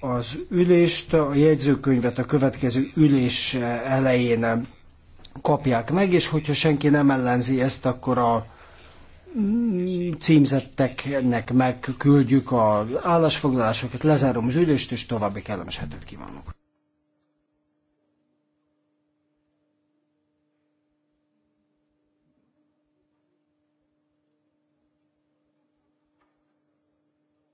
az ülést, a jegyzőkönyvet a következő ülés elején kapják meg, és hogyha senki nem ellenzi ezt, akkor a címzetteknek megküldjük az állásfoglalásokat, lezárom az ülést, és további kellemes hetet kívánok.